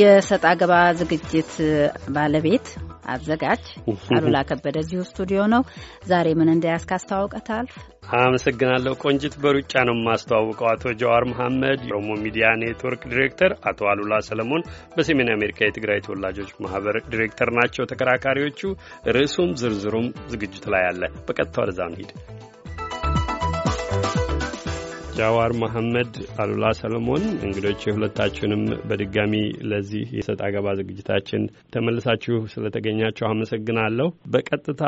የሰጥ አገባ ዝግጅት ባለቤት አዘጋጅ አሉላ ከበደ እዚሁ ስቱዲዮ ነው። ዛሬ ምን እንዳያስክ አስተዋውቀታል። አመሰግናለሁ ቆንጅት። በሩጫ ነው የማስተዋውቀው። አቶ ጀዋር መሐመድ የኦሮሞ ሚዲያ ኔትወርክ ዲሬክተር፣ አቶ አሉላ ሰለሞን በሰሜን አሜሪካ የትግራይ ተወላጆች ማህበር ዲሬክተር ናቸው ተከራካሪዎቹ። ርዕሱም ዝርዝሩም ዝግጅቱ ላይ አለ። በቀጥታ ወደዛ እንሂድ። ጃዋር መሐመድ፣ አሉላ ሰለሞን እንግዶች የሁለታችሁንም በድጋሚ ለዚህ የሰጥ አገባ ዝግጅታችን ተመልሳችሁ ስለተገኛችሁ አመሰግናለሁ። በቀጥታ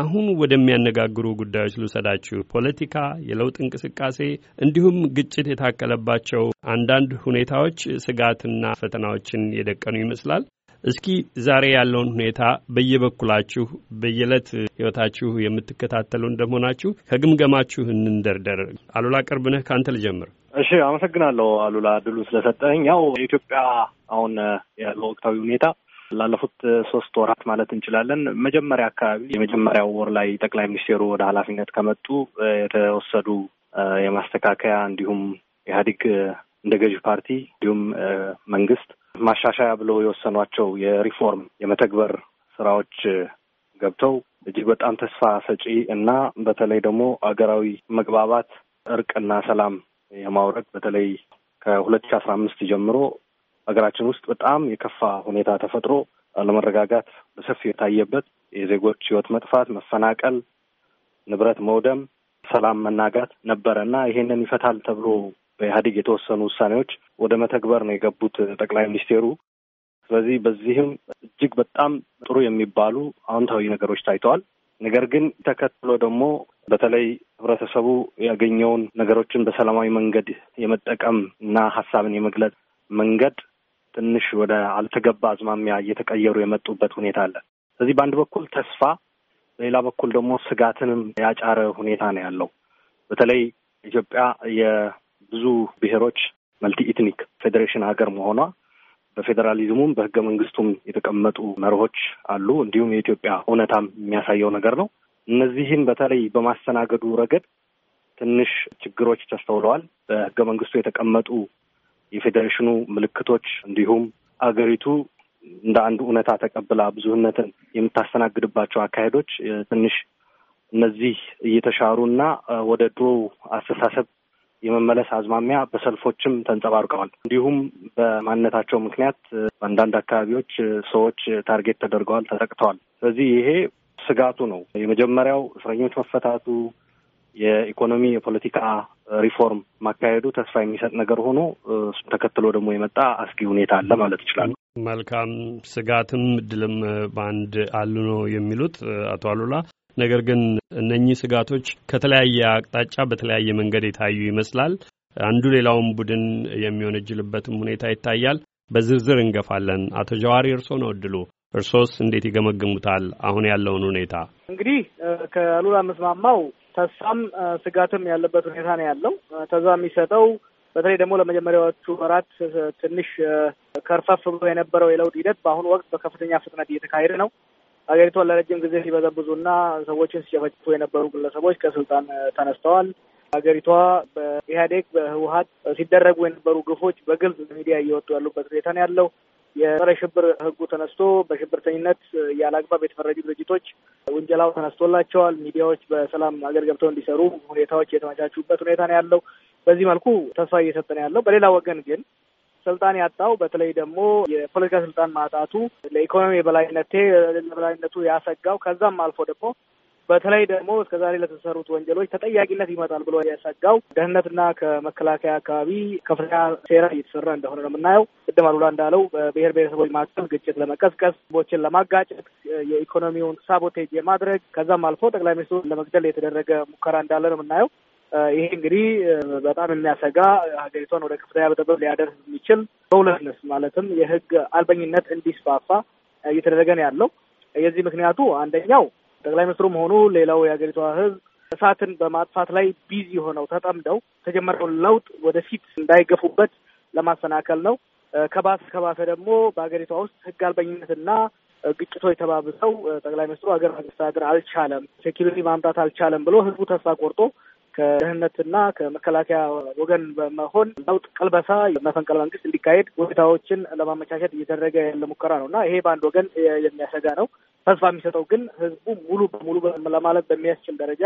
አሁን ወደሚያነጋግሩ ጉዳዮች ልውሰዳችሁ። ፖለቲካ፣ የለውጥ እንቅስቃሴ እንዲሁም ግጭት የታከለባቸው አንዳንድ ሁኔታዎች ስጋትና ፈተናዎችን የደቀኑ ይመስላል። እስኪ ዛሬ ያለውን ሁኔታ በየበኩላችሁ በየዕለት ህይወታችሁ የምትከታተሉ እንደመሆናችሁ ከግምገማችሁ እንንደርደር። አሉላ ቅርብነህ ከአንተ ልጀምር። እሺ፣ አመሰግናለሁ አሉላ ድሉ ስለሰጠኝ። ያው የኢትዮጵያ አሁን ያለው ወቅታዊ ሁኔታ ላለፉት ሶስት ወራት ማለት እንችላለን መጀመሪያ አካባቢ የመጀመሪያው ወር ላይ ጠቅላይ ሚኒስቴሩ ወደ ኃላፊነት ከመጡ የተወሰዱ የማስተካከያ እንዲሁም ኢህአዴግ እንደ ገዢ ፓርቲ እንዲሁም መንግስት ማሻሻያ ብለው የወሰኗቸው የሪፎርም የመተግበር ስራዎች ገብተው እጅግ በጣም ተስፋ ሰጪ እና በተለይ ደግሞ አገራዊ መግባባት እርቅና ሰላም የማውረድ በተለይ ከሁለት ሺ አስራ አምስት ጀምሮ ሀገራችን ውስጥ በጣም የከፋ ሁኔታ ተፈጥሮ አለመረጋጋት በሰፊው የታየበት የዜጎች ህይወት መጥፋት፣ መፈናቀል፣ ንብረት መውደም፣ ሰላም መናጋት ነበረ እና ይሄንን ይፈታል ተብሎ በኢህአዴግ የተወሰኑ ውሳኔዎች ወደ መተግበር ነው የገቡት ጠቅላይ ሚኒስቴሩ። ስለዚህ በዚህም እጅግ በጣም ጥሩ የሚባሉ አዎንታዊ ነገሮች ታይተዋል። ነገር ግን ተከትሎ ደግሞ በተለይ ህብረተሰቡ ያገኘውን ነገሮችን በሰላማዊ መንገድ የመጠቀም እና ሀሳብን የመግለጽ መንገድ ትንሽ ወደ አልተገባ አዝማሚያ እየተቀየሩ የመጡበት ሁኔታ አለ። ስለዚህ በአንድ በኩል ተስፋ፣ በሌላ በኩል ደግሞ ስጋትንም ያጫረ ሁኔታ ነው ያለው። በተለይ ኢትዮጵያ ብዙ ብሔሮች መልቲ ኢትኒክ ፌዴሬሽን ሀገር መሆኗ በፌዴራሊዝሙም በህገ መንግስቱም የተቀመጡ መርሆች አሉ። እንዲሁም የኢትዮጵያ እውነታም የሚያሳየው ነገር ነው። እነዚህም በተለይ በማስተናገዱ ረገድ ትንሽ ችግሮች ተስተውለዋል። በህገ መንግስቱ የተቀመጡ የፌዴሬሽኑ ምልክቶች እንዲሁም አገሪቱ እንደ አንድ እውነታ ተቀብላ ብዙህነትን የምታስተናግድባቸው አካሄዶች ትንሽ እነዚህ እየተሻሩ እና ወደ ድሮ አስተሳሰብ የመመለስ አዝማሚያ በሰልፎችም ተንጸባርቀዋል። እንዲሁም በማንነታቸው ምክንያት በአንዳንድ አካባቢዎች ሰዎች ታርጌት ተደርገዋል፣ ተጠቅተዋል። ስለዚህ ይሄ ስጋቱ ነው። የመጀመሪያው እስረኞች መፈታቱ የኢኮኖሚ የፖለቲካ ሪፎርም ማካሄዱ ተስፋ የሚሰጥ ነገር ሆኖ እሱም ተከትሎ ደግሞ የመጣ አስጊ ሁኔታ አለ ማለት ይችላሉ። መልካም ስጋትም እድልም በአንድ አሉ ነው የሚሉት አቶ አሉላ። ነገር ግን እነኚህ ስጋቶች ከተለያየ አቅጣጫ በተለያየ መንገድ የታዩ ይመስላል። አንዱ ሌላውን ቡድን የሚወነጅልበትም ሁኔታ ይታያል። በዝርዝር እንገፋለን። አቶ ጀዋሪ እርስዎ ነው እድሉ። እርሶስ እንዴት ይገመግሙታል አሁን ያለውን ሁኔታ? እንግዲህ ከሉላ መስማማው ተስፋም ስጋትም ያለበት ሁኔታ ነው ያለው። ተዛ የሚሰጠው በተለይ ደግሞ ለመጀመሪያዎቹ ወራት ትንሽ ከርፈፍ ብሎ የነበረው የለውጥ ሂደት በአሁኑ ወቅት በከፍተኛ ፍጥነት እየተካሄደ ነው። ሀገሪቷን ለረጅም ጊዜ ሲበዘብዙና ሰዎችን ሲጨፈጭፉ የነበሩ ግለሰቦች ከስልጣን ተነስተዋል። ሀገሪቷ በኢህአዴግ በህወሀት ሲደረጉ የነበሩ ግፎች በግልጽ ሚዲያ እየወጡ ያሉበት ሁኔታ ነው ያለው። የጸረ ሽብር ህጉ ተነስቶ በሽብርተኝነት ያለ አግባብ የተፈረጁ ድርጅቶች ውንጀላው ተነስቶላቸዋል። ሚዲያዎች በሰላም ሀገር ገብተው እንዲሰሩ ሁኔታዎች የተመቻቹበት ሁኔታ ነው ያለው። በዚህ መልኩ ተስፋ እየሰጠ ነው ያለው። በሌላ ወገን ግን ስልጣን ያጣው በተለይ ደግሞ የፖለቲካ ስልጣን ማጣቱ ለኢኮኖሚ የበላይነቴ የበላይነቱ ያሰጋው ከዛም አልፎ ደግሞ በተለይ ደግሞ እስከ ዛሬ ለተሰሩት ወንጀሎች ተጠያቂነት ይመጣል ብሎ ያሰጋው ደህንነትና ከመከላከያ አካባቢ ከፍተኛ ሴራ እየተሰራ እንደሆነ ነው የምናየው። ቅድም አሉላ እንዳለው በብሔር ብሔረሰቦች መካከል ግጭት ለመቀስቀስ፣ ቦችን ለማጋጨት፣ የኢኮኖሚውን ሳቦቴጅ የማድረግ ከዛም አልፎ ጠቅላይ ሚኒስትሩ ለመግደል የተደረገ ሙከራ እንዳለ ነው የምናየው። ይሄ እንግዲህ በጣም የሚያሰጋ ሀገሪቷን ወደ ከፍተኛ በጠበብ ሊያደርስ የሚችል በሁለትነት ማለትም የህግ አልበኝነት እንዲስፋፋ እየተደረገ ነው ያለው። የዚህ ምክንያቱ አንደኛው ጠቅላይ ሚኒስትሩም ሆኑ ሌላው የሀገሪቷ ህዝብ እሳትን በማጥፋት ላይ ቢዚ ሆነው ተጠምደው የተጀመረውን ለውጥ ወደፊት እንዳይገፉበት ለማሰናከል ነው። ከባሰ ከባሰ ደግሞ በሀገሪቷ ውስጥ ህግ አልበኝነትና ግጭቶች ተባብሰው ጠቅላይ ሚኒስትሩ ሀገር ማስተዳደር አልቻለም፣ ሴኪሪቲ ማምጣት አልቻለም ብሎ ህዝቡ ተስፋ ቆርጦ ከደህንነትና ከመከላከያ ወገን በመሆን ለውጥ ቀልበሳ መፈንቅለ መንግስት እንዲካሄድ ሁኔታዎችን ለማመቻቸት እየተደረገ ያለ ሙከራ ነው እና ይሄ በአንድ ወገን የሚያሰጋ ነው። ተስፋ የሚሰጠው ግን ህዝቡ ሙሉ በሙሉ ለማለት በሚያስችል ደረጃ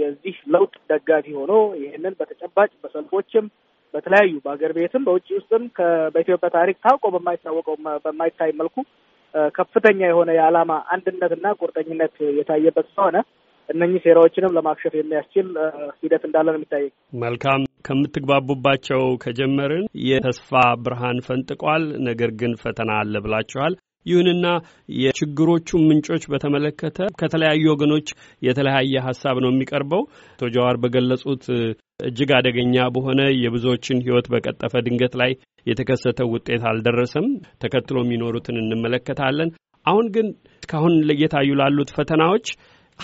የዚህ ለውጥ ደጋፊ ሆኖ ይህንን በተጨባጭ በሰልፎችም በተለያዩ በሀገር ቤትም በውጭ ውስጥም በኢትዮጵያ ታሪክ ታውቆ በማይታወቀው በማይታይ መልኩ ከፍተኛ የሆነ የዓላማ አንድነትና ቁርጠኝነት የታየበት ስለሆነ እነኚህ ሴራዎችንም ለማክሸፍ የሚያስችል ሂደት እንዳለን ነው የሚታየኝ። መልካም ከምትግባቡባቸው ከጀመርን የተስፋ ብርሃን ፈንጥቋል። ነገር ግን ፈተና አለ ብላችኋል። ይሁንና የችግሮቹን ምንጮች በተመለከተ ከተለያዩ ወገኖች የተለያየ ሀሳብ ነው የሚቀርበው። አቶ ጀዋር በገለጹት እጅግ አደገኛ በሆነ የብዙዎችን ሕይወት በቀጠፈ ድንገት ላይ የተከሰተ ውጤት አልደረሰም። ተከትሎ የሚኖሩትን እንመለከታለን። አሁን ግን እስካሁን ለየታዩ ላሉት ፈተናዎች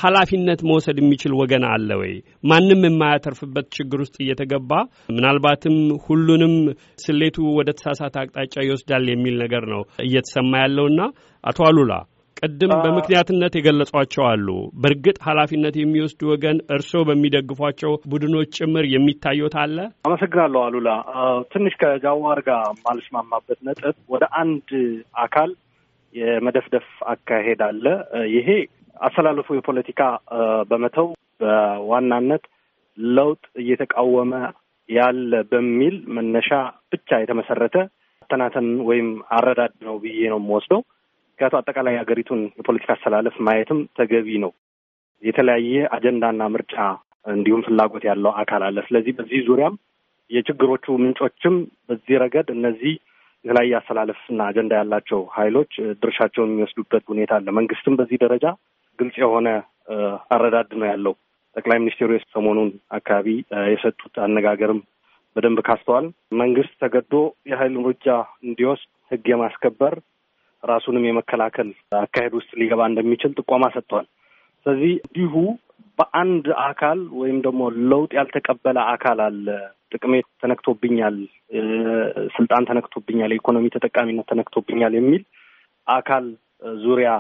ኃላፊነት መውሰድ የሚችል ወገን አለ ወይ? ማንም የማያተርፍበት ችግር ውስጥ እየተገባ ምናልባትም ሁሉንም ስሌቱ ወደ ተሳሳተ አቅጣጫ ይወስዳል የሚል ነገር ነው እየተሰማ ያለውና አቶ አሉላ ቅድም በምክንያትነት የገለጿቸው አሉ። በእርግጥ ኃላፊነት የሚወስድ ወገን እርስዎ በሚደግፏቸው ቡድኖች ጭምር የሚታዩት አለ? አመሰግናለሁ አሉላ። ትንሽ ከጃዋር ጋር የማልስማማበት ነጥብ ወደ አንድ አካል የመደፍደፍ አካሄድ አለ። ይሄ አስተላለፉ የፖለቲካ በመተው በዋናነት ለውጥ እየተቃወመ ያለ በሚል መነሻ ብቻ የተመሰረተ አተናተን ወይም አረዳድ ነው ብዬ ነው የምወስደው። ምክንያቱ አጠቃላይ ሀገሪቱን የፖለቲካ አስተላለፍ ማየትም ተገቢ ነው። የተለያየ አጀንዳና ምርጫ እንዲሁም ፍላጎት ያለው አካል አለ። ስለዚህ በዚህ ዙሪያም የችግሮቹ ምንጮችም በዚህ ረገድ እነዚህ የተለያየ አስተላለፍና አጀንዳ ያላቸው ኃይሎች ድርሻቸውን የሚወስዱበት ሁኔታ አለ። መንግስትም በዚህ ደረጃ ግልጽ የሆነ አረዳድ ነው ያለው። ጠቅላይ ሚኒስትሩ ሰሞኑን አካባቢ የሰጡት አነጋገርም በደንብ ካስተዋል መንግስት ተገዶ የኃይል እርምጃ እንዲወስድ ህግ የማስከበር ራሱንም የመከላከል አካሄድ ውስጥ ሊገባ እንደሚችል ጥቆማ ሰጥቷል። ስለዚህ እንዲሁ በአንድ አካል ወይም ደግሞ ለውጥ ያልተቀበለ አካል አለ፣ ጥቅሜ ተነክቶብኛል፣ ስልጣን ተነክቶብኛል፣ የኢኮኖሚ ተጠቃሚነት ተነክቶብኛል የሚል አካል ዙሪያ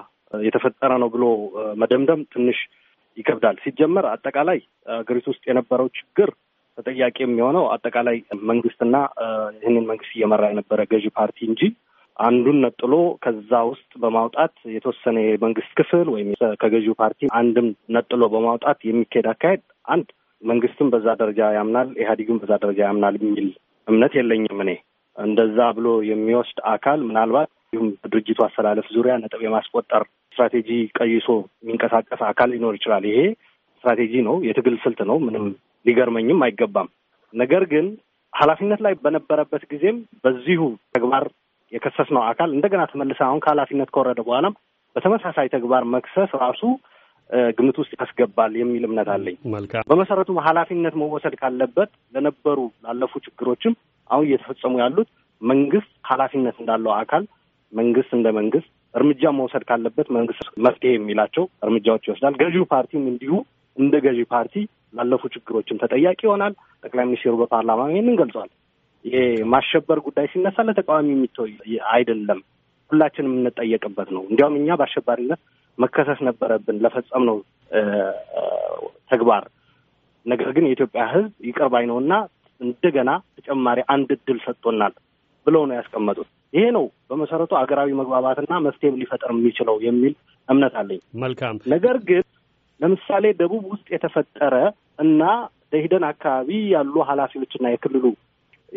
የተፈጠረ ነው ብሎ መደምደም ትንሽ ይከብዳል። ሲጀመር አጠቃላይ ሀገሪቱ ውስጥ የነበረው ችግር ተጠያቂ የሚሆነው አጠቃላይ መንግስትና ይህንን መንግስት እየመራ የነበረ ገዢ ፓርቲ እንጂ አንዱን ነጥሎ ከዛ ውስጥ በማውጣት የተወሰነ የመንግስት ክፍል ወይም ከገዢው ፓርቲ አንድም ነጥሎ በማውጣት የሚካሄድ አካሄድ አንድ መንግስትም በዛ ደረጃ ያምናል፣ ኢህአዴግም በዛ ደረጃ ያምናል የሚል እምነት የለኝም። እኔ እንደዛ ብሎ የሚወስድ አካል ምናልባት እንዲሁም በድርጅቱ አሰላለፍ ዙሪያ ነጥብ የማስቆጠር ስትራቴጂ ቀይሶ የሚንቀሳቀስ አካል ሊኖር ይችላል። ይሄ ስትራቴጂ ነው፣ የትግል ስልት ነው። ምንም ሊገርመኝም አይገባም። ነገር ግን ኃላፊነት ላይ በነበረበት ጊዜም በዚሁ ተግባር የከሰስ ነው አካል እንደገና ተመልሰ አሁን ከኃላፊነት ከወረደ በኋላም በተመሳሳይ ተግባር መክሰስ ራሱ ግምት ውስጥ ያስገባል የሚል እምነት አለኝ። መልካም። በመሰረቱ ኃላፊነት መወሰድ ካለበት ለነበሩ ላለፉ ችግሮችም አሁን እየተፈጸሙ ያሉት መንግስት ኃላፊነት እንዳለው አካል መንግስት እንደ መንግስት እርምጃ መውሰድ ካለበት መንግስት መፍትሄ የሚላቸው እርምጃዎች ይወስዳል። ገዢው ፓርቲም እንዲሁ እንደ ገዢ ፓርቲ ላለፉ ችግሮችም ተጠያቂ ይሆናል። ጠቅላይ ሚኒስትሩ በፓርላማ ይህንን ገልጿል። ይሄ ማሸበር ጉዳይ ሲነሳ ለተቃዋሚ የሚተው አይደለም፣ ሁላችንም የምንጠየቅበት ነው። እንዲያውም እኛ በአሸባሪነት መከሰስ ነበረብን ለፈጸምነው ተግባር። ነገር ግን የኢትዮጵያ ሕዝብ ይቅር ባይ እና እንደገና ተጨማሪ አንድ እድል ሰጥቶናል ብለው ነው ያስቀመጡት። ይሄ ነው በመሰረቱ አገራዊ መግባባትና መፍትሄም ሊፈጠር የሚችለው የሚል እምነት አለኝ። መልካም ነገር ግን ለምሳሌ ደቡብ ውስጥ የተፈጠረ እና ደሂደን አካባቢ ያሉ ኃላፊዎችና የክልሉ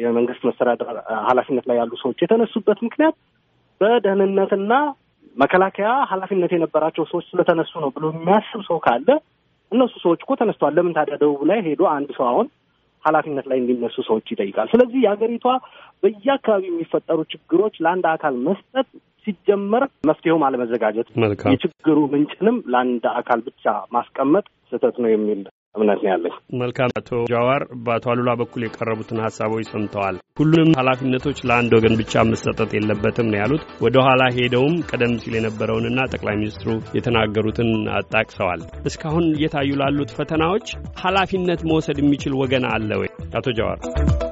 የመንግስት መስተዳደር ኃላፊነት ላይ ያሉ ሰዎች የተነሱበት ምክንያት በደህንነትና መከላከያ ኃላፊነት የነበራቸው ሰዎች ስለተነሱ ነው ብሎ የሚያስብ ሰው ካለ እነሱ ሰዎች እኮ ተነስተዋል። ለምን ታዲያ ደቡብ ላይ ሄዶ አንድ ሰው አሁን ኃላፊነት ላይ እንዲነሱ ሰዎች ይጠይቃል። ስለዚህ የሀገሪቷ በየአካባቢው የሚፈጠሩ ችግሮች ለአንድ አካል መስጠት ሲጀመር መፍትሄውም አለመዘጋጀት፣ የችግሩ ምንጭንም ለአንድ አካል ብቻ ማስቀመጥ ስህተት ነው የሚል እምነት ነው ያለኝ። መልካም። አቶ ጃዋር በአቶ አሉላ በኩል የቀረቡትን ሀሳቦች ሰምተዋል። ሁሉንም ኃላፊነቶች ለአንድ ወገን ብቻ መሰጠት የለበትም ነው ያሉት። ወደ ኋላ ሄደውም ቀደም ሲል የነበረውንና ጠቅላይ ሚኒስትሩ የተናገሩትን አጣቅሰዋል። እስካሁን እየታዩ ላሉት ፈተናዎች ኃላፊነት መውሰድ የሚችል ወገን አለ ወይ? አቶ ጃዋር